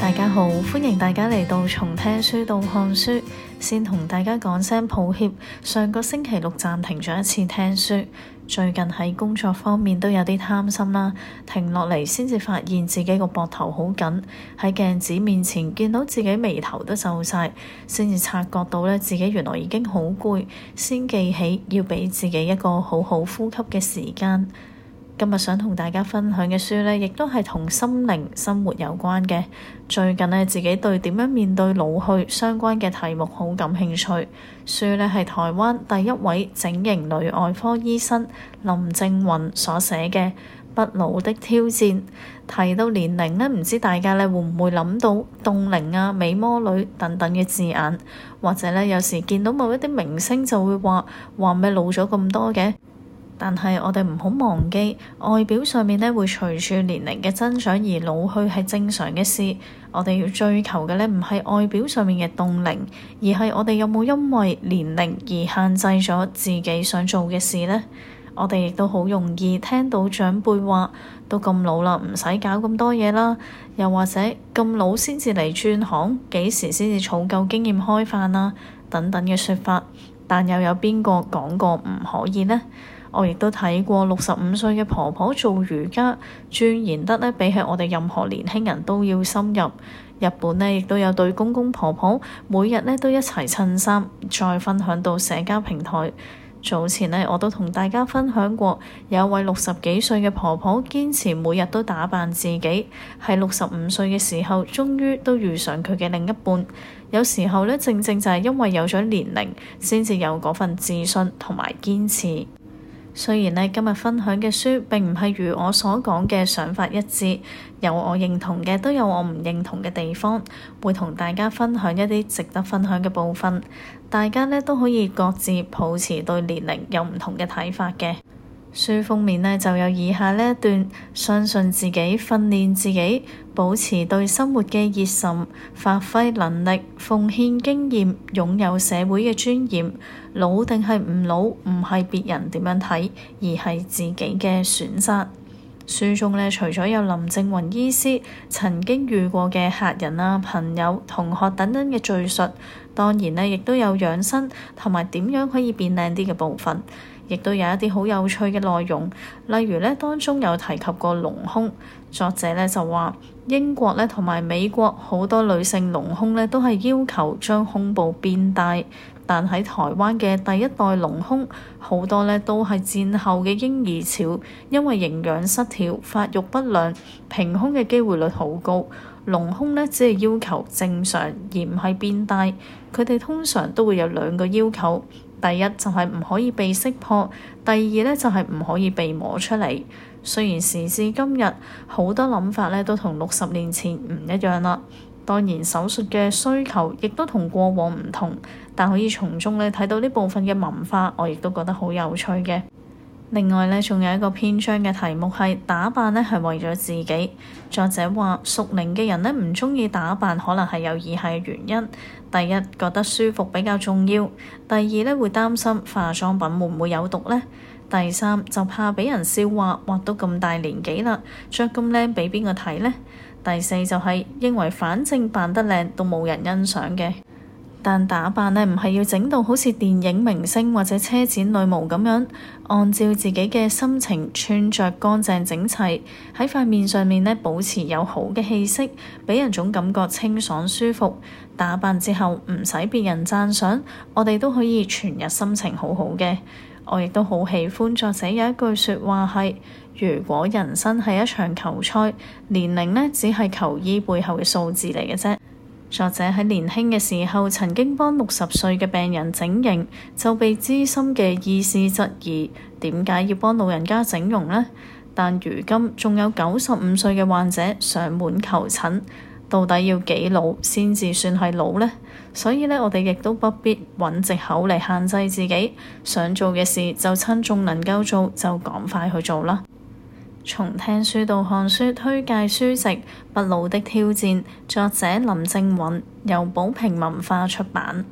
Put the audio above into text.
大家好，歡迎大家嚟到從聽書到看書，先同大家講聲抱歉，上個星期六暫停咗一次聽書，最近喺工作方面都有啲貪心啦，停落嚟先至發現自己個膊頭好緊，喺鏡子面前見到自己眉頭都皺晒，先至察覺到咧自己原來已經好攰，先記起要俾自己一個好好呼吸嘅時間。今日想同大家分享嘅書呢，亦都係同心靈生活有關嘅。最近呢，自己對點樣面對老去相關嘅題目好感興趣。書呢係台灣第一位整形女外科醫生林正雲所寫嘅《不老的挑戰》。提到年齡呢，唔知大家呢會唔會諗到凍齡啊、美魔女等等嘅字眼，或者呢，有時見到某一啲明星就會話話咩老咗咁多嘅。但係，我哋唔好忘記外表上面咧，會隨住年齡嘅增長而老去係正常嘅事。我哋要追求嘅咧，唔係外表上面嘅凍齡，而係我哋有冇因為年齡而限制咗自己想做嘅事呢？我哋亦都好容易聽到長輩話：都咁老啦，唔使搞咁多嘢啦。又或者咁老先至嚟轉行，幾時先至儲夠經驗開飯啦、啊？等等嘅説法。但又有邊個講過唔可以呢？我亦都睇過六十五歲嘅婆婆做瑜伽，鑽研得咧，比起我哋任何年輕人都要深入。日本咧，亦都有對公公婆婆每日咧都一齊襯衫，再分享到社交平台。早前咧，我都同大家分享過有一位六十幾歲嘅婆婆，堅持每日都打扮自己，喺六十五歲嘅時候，終於都遇上佢嘅另一半。有時候咧，正正就係因為有咗年齡，先至有嗰份自信同埋堅持。雖然呢，今日分享嘅書並唔係如我所講嘅想法一致，有我認同嘅，都有我唔認同嘅地方，會同大家分享一啲值得分享嘅部分。大家呢都可以各自抱持對年齡有唔同嘅睇法嘅。書封面呢就有以下呢一段：相信自己，訓練自己，保持對生活嘅熱忱，發揮能力，奉獻經驗，擁有社會嘅尊嚴。老定係唔老，唔係別人點樣睇，而係自己嘅選擇。書中呢除咗有林正雲醫師曾經遇過嘅客人啊、朋友、同學等等嘅敘述，當然呢亦都有養生同埋點樣可以變靚啲嘅部分。亦都有一啲好有趣嘅內容，例如呢當中有提及過隆胸，作者呢就話英國呢同埋美國好多女性隆胸呢都係要求將胸部變大，但喺台灣嘅第一代隆胸好多呢都係戰後嘅嬰兒潮，因為營養失調、發育不良、平胸嘅機會率好高。隆胸呢，只係要求正常而唔係變大。佢哋通常都會有兩個要求：第一就係唔可以被識破，第二呢就係唔可以被摸出嚟。雖然時至今日好多諗法呢都同六十年前唔一樣啦，當然手術嘅需求亦都同過往唔同，但可以從中呢睇到呢部分嘅文化，我亦都覺得好有趣嘅。另外呢，仲有一個篇章嘅題目係打扮呢係為咗自己。作者話，熟齡嘅人呢唔鍾意打扮，可能係有以下原因：第一，覺得舒服比較重要；第二呢會擔心化妝品會唔會有毒呢；第三，就怕畀人笑話，畫到咁大年紀啦，着咁靚畀邊個睇呢？第四就係認為反正扮得靚都冇人欣賞嘅。但打扮呢唔係要整到好似電影明星或者車展女模咁樣，按照自己嘅心情穿着乾淨整齊，喺塊面上面呢保持有好嘅氣色，俾人種感覺清爽舒服。打扮之後唔使別人讚賞，我哋都可以全日心情好好嘅。我亦都好喜歡作者有一句說話，係如果人生係一場球賽，年齡呢只係球衣背後嘅數字嚟嘅啫。作者喺年輕嘅時候曾經幫六十歲嘅病人整形，就被資深嘅醫師質疑點解要幫老人家整容呢？但如今仲有九十五歲嘅患者上門求診，到底要幾老先至算係老呢？所以呢，我哋亦都不必揾藉口嚟限制自己想做嘅事，就趁仲能夠做就趕快去做啦。從聽書到看書推介書籍《不老的挑戰》作者林正韻由保平文化出版。